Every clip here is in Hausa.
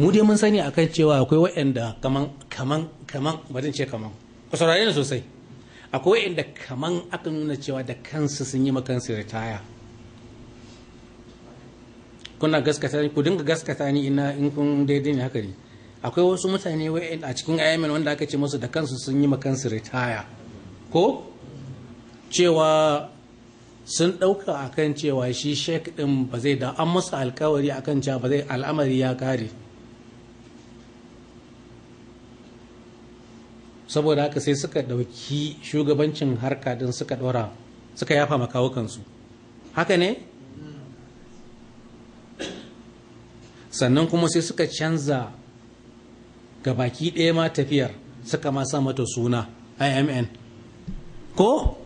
mu dai mun sani akan cewa akwai waɗanda kaman kaman kaman bari ce kaman ku saurare ni sosai akwai waɗanda kaman aka nuna cewa da kansu sun yi makansu ritaya kuna gaskata ku dinga gaskata ni ina in kun daidai ne haka ne akwai wasu mutane a cikin ayyamin wanda aka ce musu da kansu sun yi makansu ritaya ko cewa sun ɗauka akan cewa shi shek ɗin ba zai da an masa alkawari akan cewa ba zai al'amari ya kare saboda haka sai suka ɗauki shugabancin harka din suka ɗora suka yafa makawukansu haka ne sannan kuma sai suka canza ga baki ɗaya ma tafiyar suka ma sa mata suna imn ko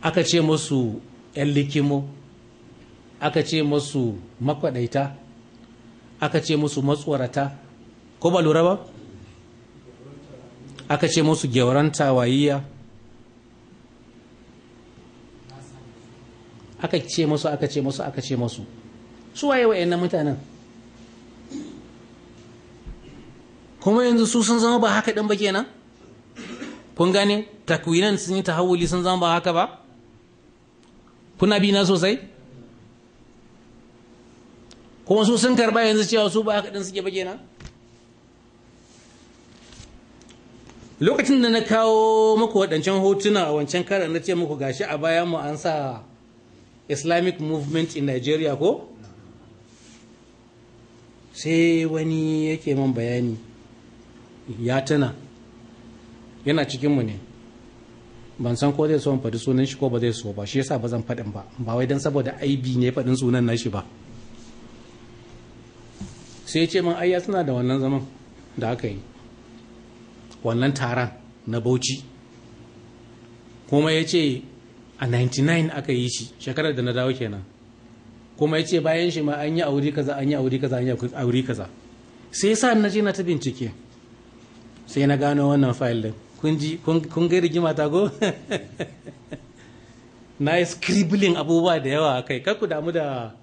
aka ce musu 'yan likimo aka ce musu makwaɗaita aka ce musu matsorata ko ba lura ba aka ce musu gyauranta wayiya aka ce musu aka ce musu aka ce musu su waye wa wa'annan mutanen kuma yanzu su sun zama ba haka ɗan ba kenan kun gane takwinan sun yi tahawuli sun zama ba haka ba kuna bi na sosai kuma su sun karba yanzu cewa su ba haka din suke bage kenan lokacin da na kawo muku waɗancan hotuna a wancan karan na ce muku gashi a bayan mu an sa islamic movement in nigeria ko sai wani yake man bayani ya tana yana cikinmu ne ban san ko zai so in faɗi sunan shi ko ba zai so ba shi yasa ba zan faɗin ba ba wai don saboda aibi ne faɗin sunan nashi ba sai ce man ayya suna da wannan zaman da aka yi wannan taron na bauchi kuma ya ce a 99 aka yi shi shekarar da na dawo kenan kuma ya ce bayan shi ma an yi auri kaza an yi auri kaza an yi auri kaza sai ya sa na je na ta bincike sai na gano wannan fayil din kun ji kun rigima ta go na yi scribbling abubuwa da yawa kai kar ku damu da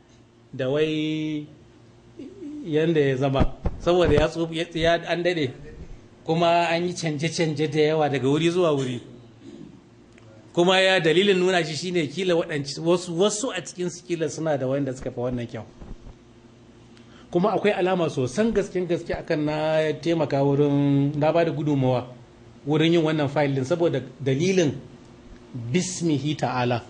da wai Yanda ya zama saboda ya tsofi ya an daɗe kuma an yi canje-canje da yawa daga wuri zuwa wuri kuma ya dalilin nuna shi shine kila waɗanci wasu wasu a cikin su kila suna da wanda suka fi wannan kyau kuma akwai alama sosan gasken gaske akan na taimaka wurin na ba da gudunmawa wurin yin wannan fayil din saboda dalilin bismihi ta'ala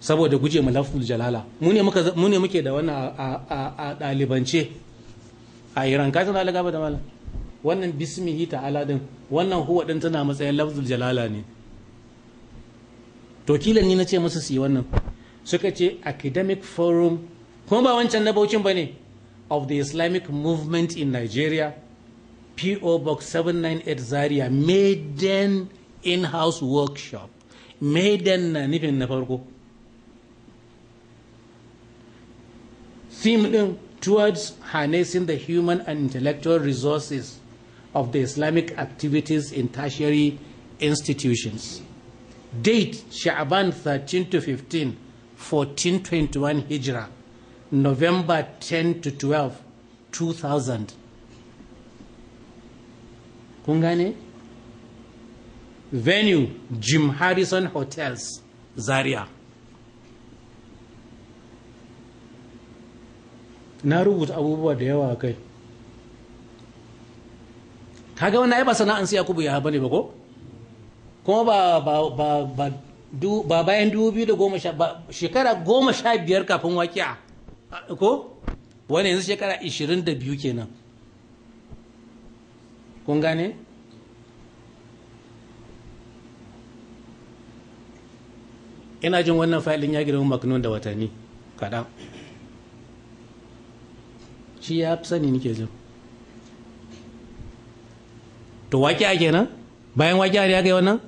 saboda guje mu lafzul jalala mu ne muka mu ne muke da wannan a dalibance a iran ka tana lagaba da malam wannan bismihi ta'ala din wannan huwa din tana matsayin lafzul jalala ne to kila ni nace musu su yi wannan suka ce academic forum kuma ba wancan na baucin bane of the islamic movement in nigeria PO Box 798 Zaria Maiden In-House Workshop. Maiden na nufin na farko. theme towards harnessing the human and intellectual resources of the Islamic activities in tertiary institutions. Date Sha'ban 13 to 15, 1421 Hijrah, November 10 to 12, 2000. Kungane? Venue Jim Harrison Hotels, Zaria. na rubuta abubuwa da yawa kai kaga wannan ai ba sana'an sai Yakubu ya bane ba ko kuma ba ba ba ba bayan dubu biyu da goma shekara goma sha biyar kafin A ko wani yanzu shekara ishirin da biyu kenan kun gane ina jin wannan fa'ilin ya girma maknun da watanni kaɗan shi ya fi sani nike jin to waƙiya kenan bayan waƙiya ne aka yi wannan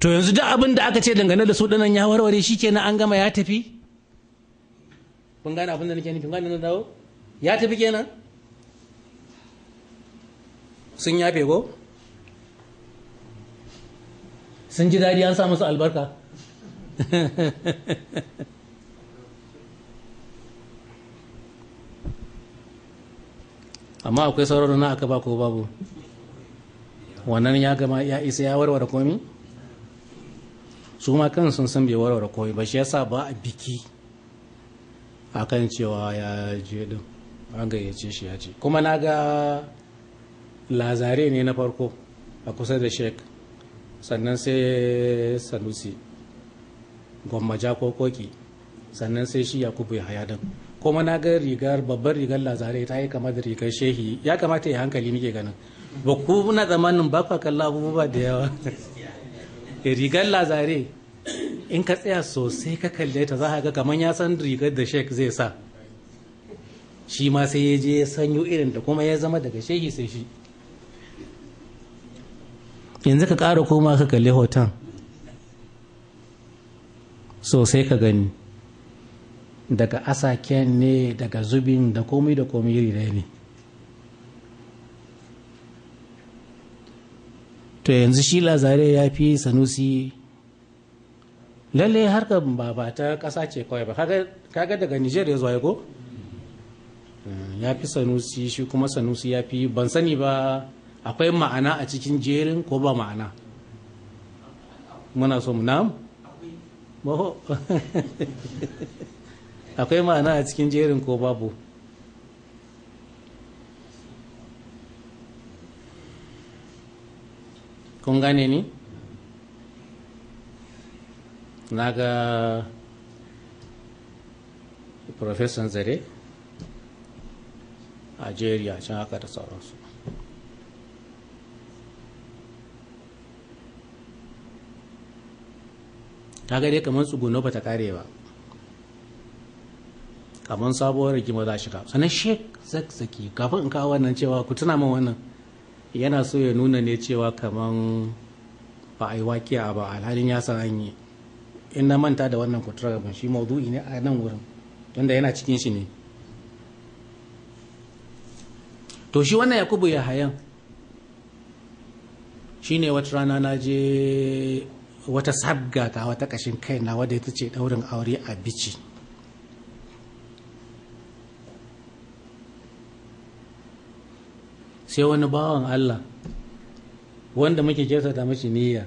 to yanzu duk abin da aka ce dangane da su ɗinan ya warware shi kenan an gama ya tafi kun gane abin da nake nufin gane na dawo ya tafi kenan sun ya ko sun ji daɗi an sa musu albarka amma akwai sauran na aka ba ko babu wannan ya gama ya isa ya warware komi su ma kan sun san bai warware komi ba shi yasa ba a biki akan cewa ya je din an gayyace shi ya ce kuma na ga lazare ne na farko a kusa da sheik sannan sai sanusi gwamma ko sannan sai shi yakubu ya haya din kuma na ga rigar babban rigar lazare ta yi kama da rigar shehi ya kamata ya hankali nike ganin ba ku na zamanin ba kwa kalla abubuwa da yawa eh, rigar lazare in ka tsaya sosai ka kalle ta za a ga kamar ya san rigar da shek zai sa shi ma sai ya je ya sanyo irin da kuma ya zama daga shehi sai shi yanzu ka kara koma ka kalli hoton sosai ka gani daga asaken ne daga zubin da komai da komai iri ɗaya ne to yanzu shi lazare ya fi sanusi lalle harkar ba ba ta ƙasa ce kawai ba kaga daga nijar ya zuwa ya ko eh, ya fi sanusi shi kuma sanusi ya fi ban sani ba akwai ma'ana a cikin jerin ko ba ma'ana muna so mu na akwai ma'ana a cikin jerin ko babu kun gane ni na ga profesan zare a jeriya can haka da sauransu ta gade kamar tsuguno ba ta kare ba kamar sabuwar rigima za shiga sannan sheik zakzaki kafin in kawo wannan cewa ku tuna min wannan yana so ya nuna ne cewa kamar ba a yi wakiya ba alhalin ya san an yi in na manta da wannan kutura gaban shi maudu'i ne a nan wurin tunda yana cikin shi ne to shi wannan yakubu ya hayan shi ne wata rana na je wata sabga ta wata kashin kai na wadda ita ce daurin aure a bici sai wani bawan Allah wanda muke ta mashi niyya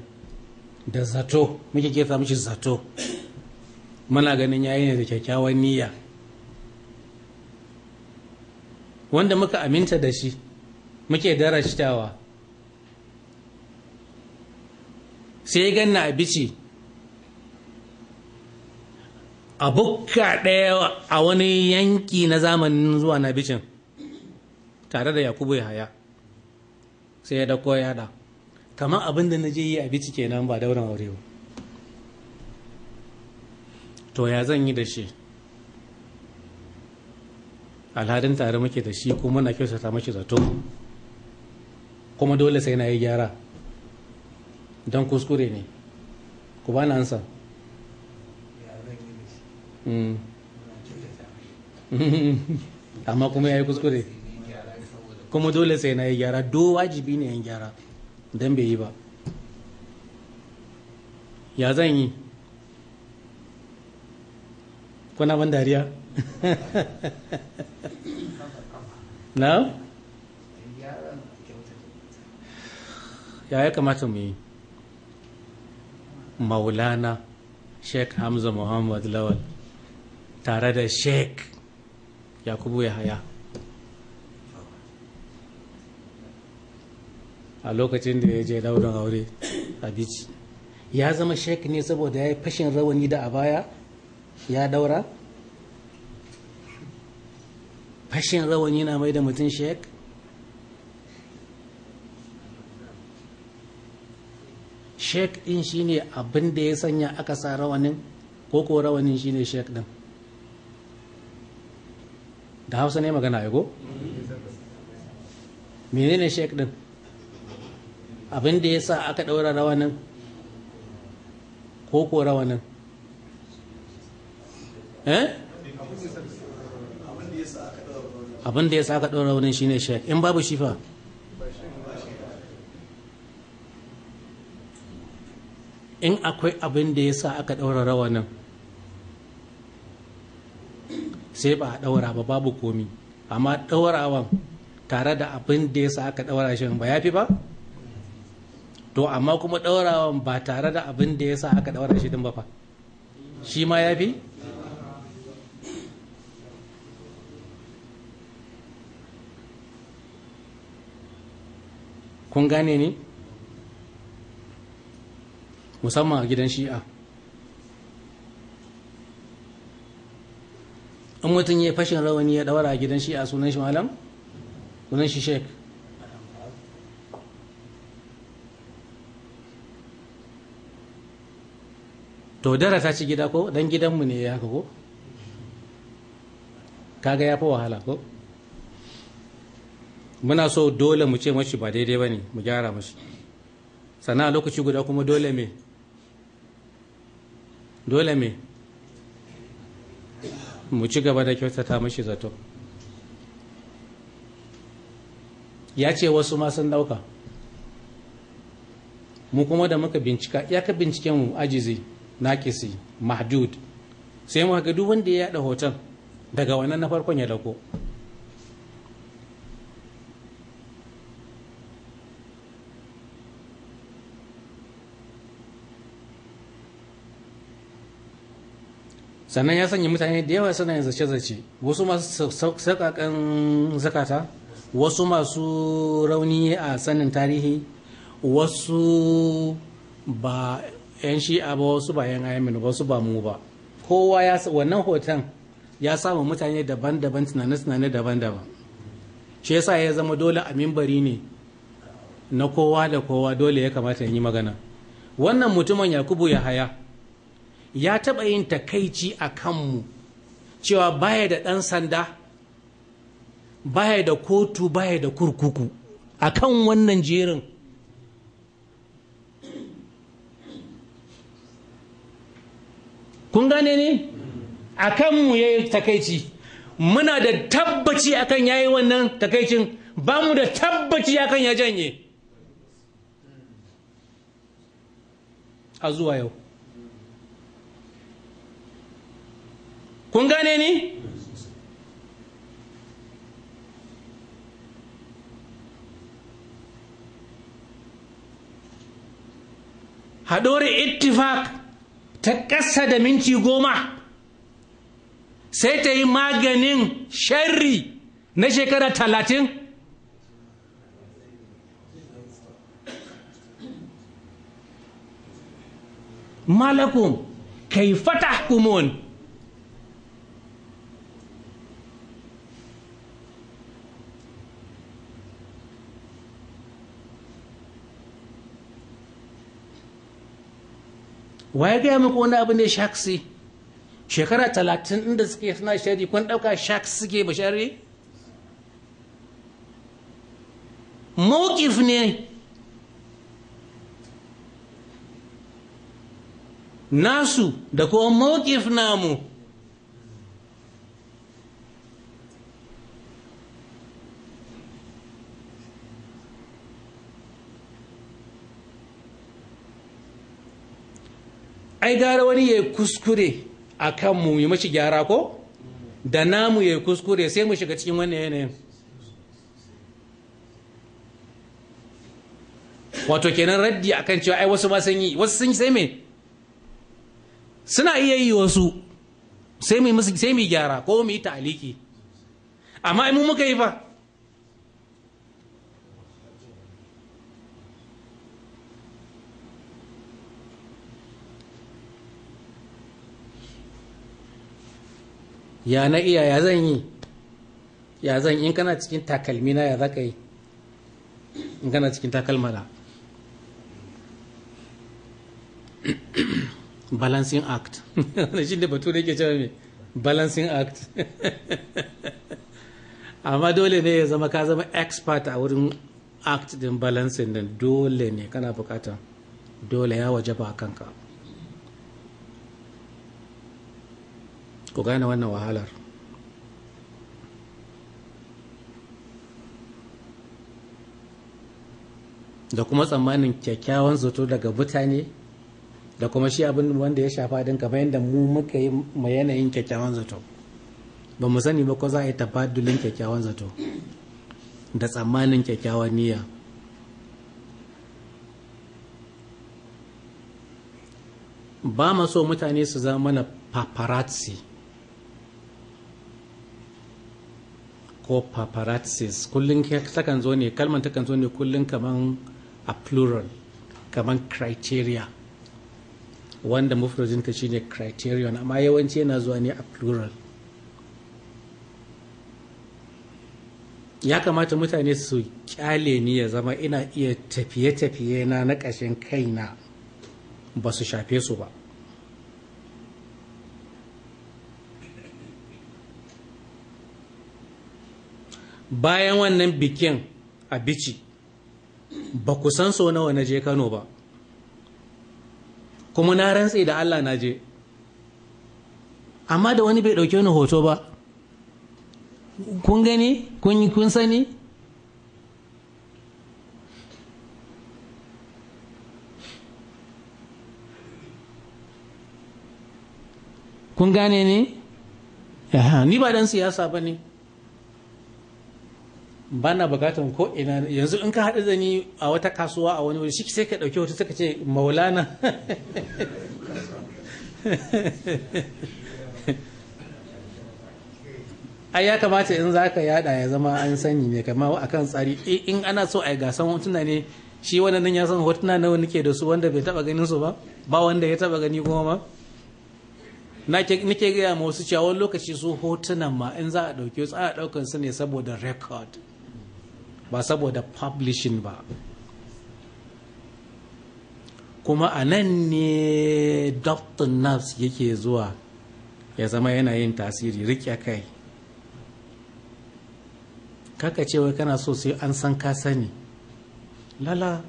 da zato muke kesa mashi zato muna ganin yayi ne da kyakkyawan niyya wanda muka aminta da shi muke darashtawa sai ganna a bici a bukka ɗaya a wani yanki na zamanin zuwa na bicin tare da yakubu ya haya. sai ya dauko ya haɗa kamar abin da naje yi a bici kenan ba dauran aure ba to ya zan yi da shi alhadin tare muke da shi kuma na kyautata mashi zato kuma dole sai na yi gyara don kuskure ne ku ba mm. na ansa amma kuma ya yi kuskure kuma dole sai na yi gyara do wajibi ne yin gyara don bai yi ba ya zan yi kuna ban dariya na ya ya kamata mu yi maulana sheikh hamza muhammad lawal tare da sheikh yakubu yahaya a lokacin da ya je daurin aure a bici ya zama shek ne saboda ya yi fashin rawani da a baya ya daura fashin rawani yana mai da mutum shek shek din shine abin da ya sanya aka sa rawanin ko ko rawanin shine shek din da hausa ne magana ya go menene shek din abin da ya sa aka ɗaura rawanin ko ko rawanin eh? abin da ya sa aka ɗaura rawanin shine shek in babu shifa in akwai abin da ya sa aka ɗaura rawanin sai ba a ɗaura ba babu komi amma ɗaurawan tare da abin da ya sa aka ɗaura shi ba ya fi ba? to amma kuma ɗaurawan ba tare da abin da ya sa aka ɗaura shi din ba fa shi ma ya fi kun gane ne musamman a gidan shi'a in mutum ya fashin rawani ya ɗaura a gidan shi'a sunan shi malam sunan shi sheik to dara ta ci gida ko dan gidanmu ne ya ko kaga ya fi wahala ko muna so dole mu ce mashi ba daidai ba ne mu gyara mashi sana a lokaci guda kuma dole me dole me mu ci gaba da kyautata mashi zato ya ce wasu ma sun dauka mu kuma da muka bincika ya ka binciken mu ajizi naƙisi mahdud sai mu ga duk wanda ya yada hoton daga wannan na farkon ya dauko sannan ya sanya mutane da yawa suna yin zace-zace wasu masu sauƙaƙan zakata wasu masu rauni a sanin tarihi wasu ba 'yan shi'a ba wasu ba 'yan ayamin ba wasu ba mu ba kowa ya wannan hoton ya samu mutane daban-daban tunane-tunane daban-daban shi yasa ya zama dole a mimbari ne na kowa da kowa dole ya kamata yi magana wannan mutumin yakubu ya haya ya taɓa yin takaici a kanmu cewa baya da ɗan sanda baya da kotu baya da kurkuku a kan wannan jerin kun gane ne a kanmu ya yi takaici muna da tabbaci akan ya yi wannan takaicin ba mu da tabbaci akan ya janye a zuwa yau kun gane ni haɗore ittifak ta ƙasa da minti goma sai ta yi maganin sharri na shekara talatin malakum kai fata kumun ya gaya muku wani abu ne shaksi shekara talatin inda suke suna shari kun ɗauka shaksi suke ba shari mokif ne nasu da kuma mokif namu ai gara wani ya kuskure a kan mu yi mashi gyara ko da namu ya kuskure sai mu shiga cikin wannan yanayin wato kenan raddi akan cewa ai wasu ba sun yi wasu sun yi sai me suna iya yi wasu sai mu yi gyara ko mu yi ta'aliki amma mu muka yi fa ya na iya ya zan yi ya zan in kana cikin takalmi na ya zaka yi in kana cikin takalma na balancing act shi ne batu da ke cewa mai balancing act amma dole ne ya zama ka zama expert a wurin act din balancing din dole ne kana bukata dole ya waje ba kanka ku gane wannan wahalar da kuma tsammanin kyakkyawan zato daga mutane da kuma shi abin wanda ya shafa din kamar yadda mu muka yi ma yanayin kyakkyawan zato ba mu sani ba ko za a yi tafadulin kyakkyawan zato da tsammanin kyakkyawan niyya ba mu so mutane su zama mana paparazzi ko paparazzis kullum takan zo ne kalmar takan zo ne kullum kaman a plural kaman criteria wanda mufrajinta shine criterion amma yawanci yana zuwa ne a plural ya kamata mutane su kyale ni ya zama ina iya tafiye-tafiye na na ƙashin kaina ba su shafe su ba bayan wannan bikin a bici ba ku san so nawa na je kano ba kuma na rantse da allah na je amma da wani bai ɗauke wani hoto ba kun gani kun sani kun gane ne? ni ba dan siyasa ba ne ba na bukatar ko ina yanzu in ka haɗu da ni a wata kasuwa a wani wuri shi sai ka ɗauki wata suka ce maulana ai ya kamata in za ka yada ya zama an sani ne kama a kan tsari eh, in ana so a yi gasan hotuna ne shi nan ya san hotuna nawa nake da su wanda bai taba ganin su ba ba wanda ya taba gani kuma ba nake gaya ma wasu cewa wani lokaci su hotunan ma in za a ɗauke su ana ɗaukar su ne saboda record ba saboda publishing ba kuma a nan ne dr nafs yake zuwa ya zama yana yin tasiri rike kai kaka cewa kana so sai an san ka sani lala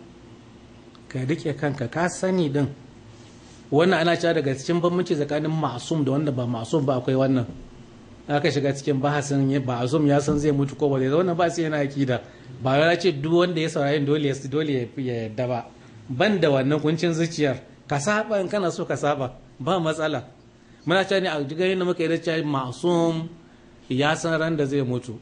ka rike kanka ka sani din wannan ana cewa daga cikin bambanci tsakanin masum da wanda ba masum ba akwai wannan aka shiga cikin bahasin ba zoom ya san zai mutu ko ba zai zauna ba sai yana akida ba ya ce duk wanda ya saurari dole ya dole ya yadda ba ban da wannan kuncin zuciyar ka saba in kana so ka saba ba matsala muna cewa ne a jigarin da muka yi da cewa masum ya san ran da zai mutu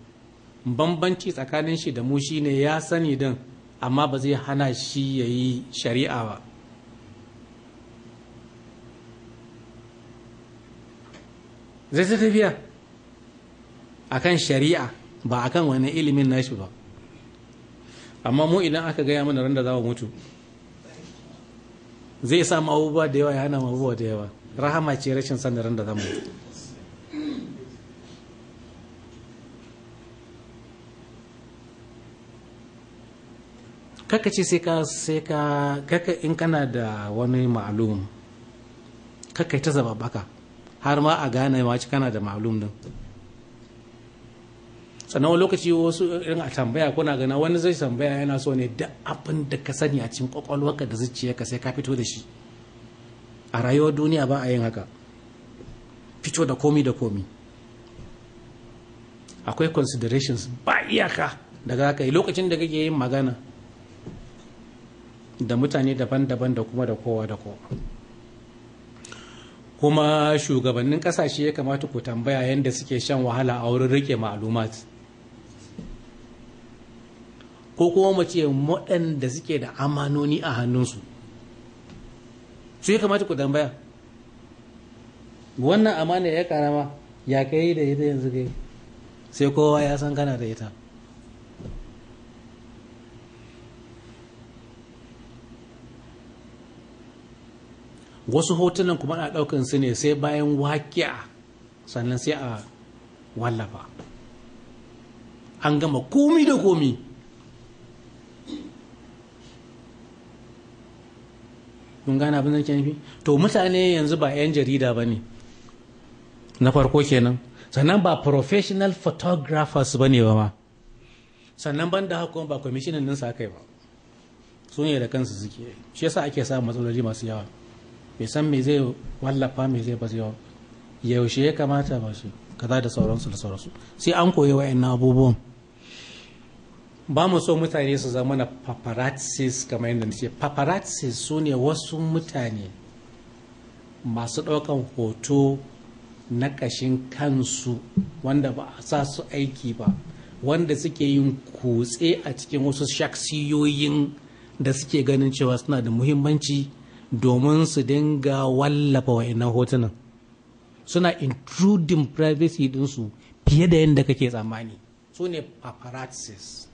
bambanci tsakanin shi da mu shine ya sani din amma ba zai hana shi ya yi shari'a ba zai tafiya akan shari'a ba akan wani ilimin nashi ba amma mu idan aka gaya mana ran da za mutu zai samu abubuwa da yawa ya hana abubuwa da yawa rahama ce rashin sanin ran da za mutu kaka ce sai ka sai ka kaka in kana da wani ma'alum kaka ta zaba baka har ma a gane ma kana da ma'alum din sannan wani lokaci wasu irin a tambaya kuna gana wani zai tambaya yana so ne da abin da ka sani a cikin kwakwalwarka da ka sai ka fito da shi a rayuwar duniya ba a yin haka fito da komi da komi akwai considerations ba iyaka daga haka lokacin da kake yin magana da mutane daban-daban da kuma da kowa da kowa kuma shugabannin kasashe ya kamata ku tambaya yadda suke shan wahala a wurin rike ma'alumat ko kuma mace waɗanda suke da amanoni a hannunsu su yi kamata ku tambaya wannan amana ya karama ya kai da ita yanzu kai sai kowa ya san kana da ita wasu hotunan kuma na ɗaukan su ne sai bayan a sannan sai a wallafa an gama komi da komi mun gane abin da ke nufi to mutane yanzu ba 'yan jarida ba ne na farko kenan sannan ba professional photographers ba ne ba ma sannan ban da haka ba kwamishinan nan sa ba su ne da kansu suke shi yasa ake samun matsaloli masu yawa bai san me zai wallafa me zai ba yawa yaushe ya kamata ba shi kaza da sauransu da sauransu sai an koyi wa'annan abubuwan ba mu so mutane su zama na paparazzis kamar yadda nace paparazzis su ne wasu mutane masu ɗaukan hoto na ƙashin kansu wanda ba a sa su aiki ba wanda suke yin kutse a cikin wasu shaksiyoyin da suke ganin cewa suna da muhimmanci domin su dinga wallafa wa'annan hotunan suna intruding privacy dinsu fiye da yadda kake tsammani su ne paparazzis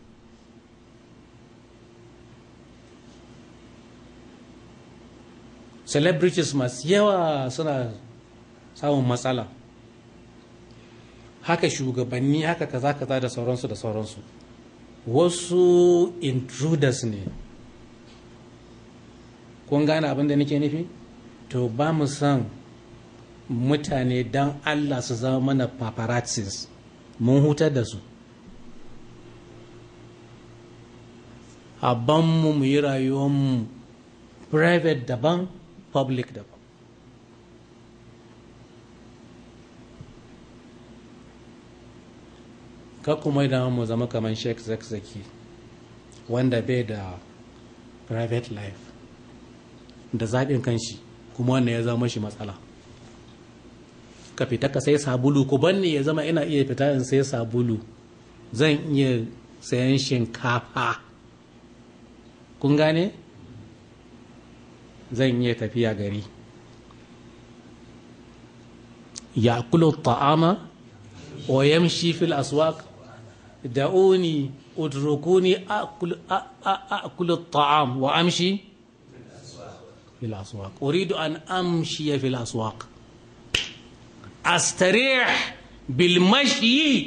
celebrities masu yawa suna samun matsala haka shugabanni haka kaza kaza da sauransu da sauransu wasu intruders ne kun gane abin da nake nufi to ba mu san mutane don allah su zama mana paparazzis mun hutar da su abanmu mu yi rayuwanmu private daban public daban ka kuma idan mu zama kamar sheik zakzaki wanda bai da private life da zaɓin kanshi kuma wanda ya zama shi matsala ka fita ka sai sabulu ku banni ya zama ina iya fita in sai sabulu zan iya sayan shinkafa kun gane? زين يتفيا غري يأكل الطعام ويمشي في الأسواق دعوني اتركوني أكل, أكل الطعام وأمشي في الأسواق أريد أن أمشي في الأسواق أستريح بالمشي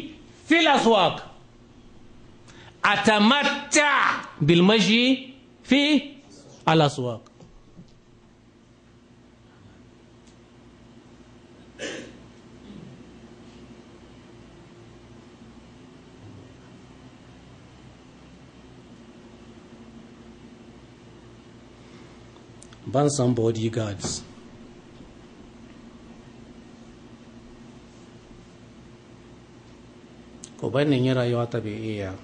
في الأسواق أتمتع بالمشي في الأسواق ban san bodyguards ko bannin yi rayuwa ta bai iya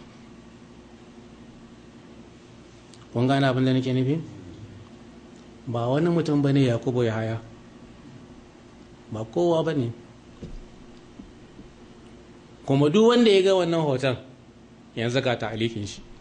kun gane abin da nake nufi ba wani mutum bane ya yakubu ya haya ba kowa ba ne kuma duk wanda ya ga wannan hoton yanzu ga ta alifin shi